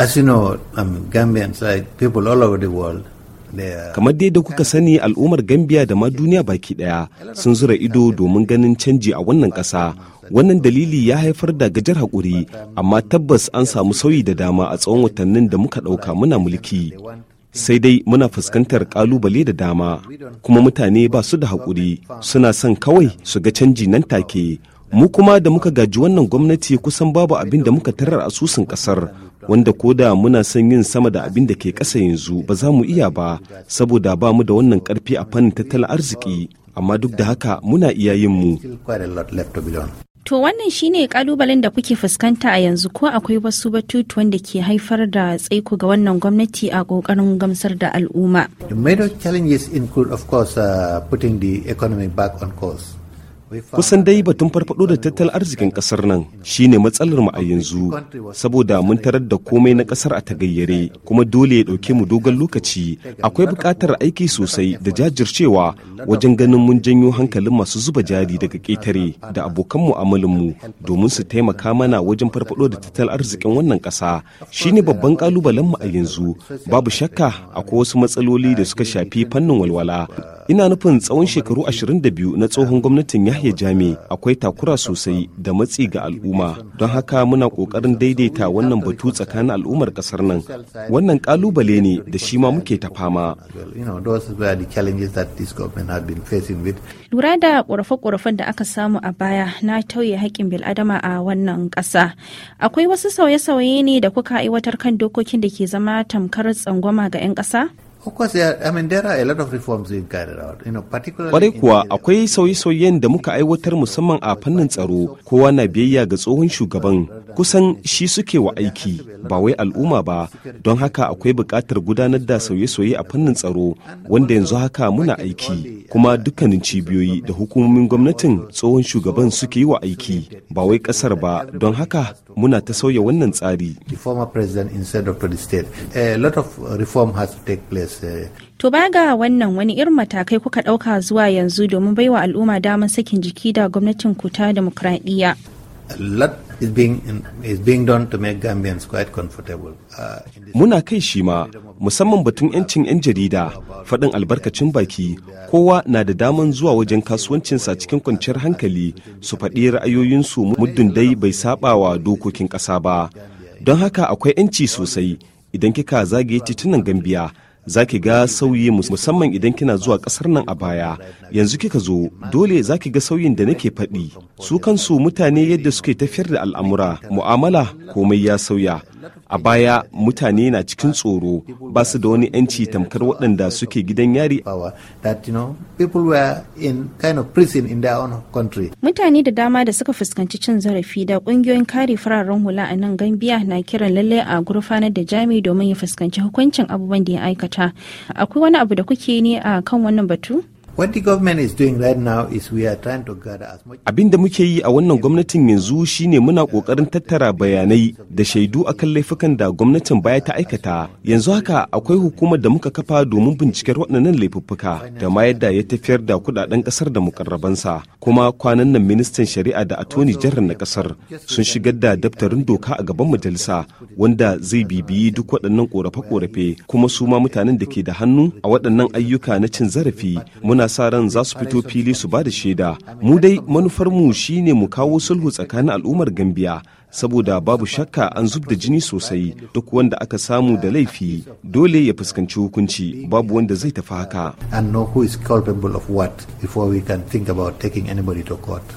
As you know, um, Gambians, like people all over the world, kamar dai da kuka sani al'ummar gambia da ma duniya baki daya sun zura ido domin ganin canji a wannan ƙasa wannan dalili ya haifar da gajar haƙuri amma tabbas an samu sauyi da dama a tsawon watannin da muka ɗauka muna mulki sai dai muna fuskantar ƙalubale da dama kuma mutane ba su da haƙuri suna son kawai su ga canji nan take mu kuma da muka gaji wannan gwamnati kusan babu abin da muka tarar asusun kasar wanda ko da muna son yin sama da abin da ke ƙasa yanzu ba za mu iya ba saboda ba mu da wannan ƙarfi a fannin tattalin arziki amma duk da haka muna iya yin mu To wannan shine kalubalen da kuke fuskanta a yanzu ko akwai wasu batutuwan da ke haifar da tsaiko ga wannan gwamnati a kokarin gamsar da al'umma. The major challenges include of course uh, putting the economy back on course. kusan dai batun farfado da tattalin arzikin kasar nan shine matsalar mu a yanzu saboda mun tarar da komai na kasar a tagayyare kuma dole ya dauke mu dogon lokaci akwai buƙatar aiki sosai da jajircewa wajen ganin mun janyo hankalin masu zuba jari daga ƙetare da abokan mu'amalin mu domin su taimaka mana wajen farfado da tattalin arzikin wannan ƙasa shine babban kalubalen mu a yanzu babu shakka akwai wasu matsaloli da suka shafi fannin walwala ina nufin tsawon shekaru 22 na tsohon gwamnatin yahya jami akwai takura sosai da matsi ga al'umma don haka muna ƙoƙarin daidaita wannan batu tsakanin al'ummar ƙasar nan wannan ƙalubale ne da shi ma muke ta fama lura da ƙorafe-ƙorafen da aka samu a baya na tauye haƙƙin bil'adama a wannan ƙasa akwai wasu sauye-sauye ne da kuka aiwatar kan dokokin da ke zama tamkar tsangwama ga 'yan ƙasa Kwarai kuwa akwai sauye-sauyen da muka aiwatar musamman a fannin tsaro kowa na biyayya ga tsohon shugaban kusan shi suke wa aiki ba wai al'umma ba don haka akwai buƙatar gudanar da sauye-sauye a fannin tsaro wanda yanzu haka muna aiki kuma dukkanin cibiyoyi da hukumomin gwamnatin tsohon shugaban suke yi wa aiki ba wai ƙasar ba don haka muna ta sauya wannan tsari. The president instead of state. A lot has to To ba ga wannan wani irin matakai kuka ɗauka zuwa yanzu domin baiwa al'umma damar sakin jiki da gwamnatin kuta ta demokradiyya. Uh, Muna kai shi ma musamman batun 'yancin 'yan jarida faɗin albarkacin baki kowa na da daman zuwa wajen kasuwancinsa cikin kwanciyar hankali su faɗi ra'ayoyinsu muddin dai bai saɓawa dokokin ƙasa ba. Don haka akwai 'yanci sosai idan kika zagaye titunan Gambiya za ki ga sauyi musamman idan kina zuwa ƙasar nan a baya yanzu kika zo dole za ki ga sauyin da nake faɗi su kansu mutane yadda suke tafiyar da al'amura mu'amala komai ya sauya a baya mutane na cikin tsoro ba su da wani 'yanci tamkar waɗanda suke gidan yari mutane da dama da suka fuskanci cin zarafi da ƙungiyoyin kare fararen hula a nan gambiya na kiran lalle a gurfanar da jami domin ya fuskanci hukuncin abubuwan da ya aikata akwai wani abu da kuke ne a kan wannan batu Abin da muke yi a wannan gwamnatin yanzu shine muna ƙoƙarin tattara bayanai da shaidu a kan laifukan da gwamnatin baya ta aikata. Yanzu haka akwai hukumar da muka kafa domin binciken waɗannan laifuffuka da ma yadda ya tafiyar da kudaden ƙasar da mukarrabansa. Kuma kwanan nan ministan shari'a da atoni jihar na ƙasar sun shigar da daftarin doka a gaban majalisa wanda zai bibiyi duk waɗannan ƙorafe-ƙorafe kuma su ma mutanen da ke da hannu a waɗannan ayyuka na cin zarafi muna sa ran za su fito fili su ba da shaida mu dai manufarmu shine mu kawo sulhu tsakanin al'ummar gambiya saboda babu shakka an zub da jini sosai duk wanda aka samu da laifi dole ya fuskanci hukunci babu wanda zai tafi haka and no of we can think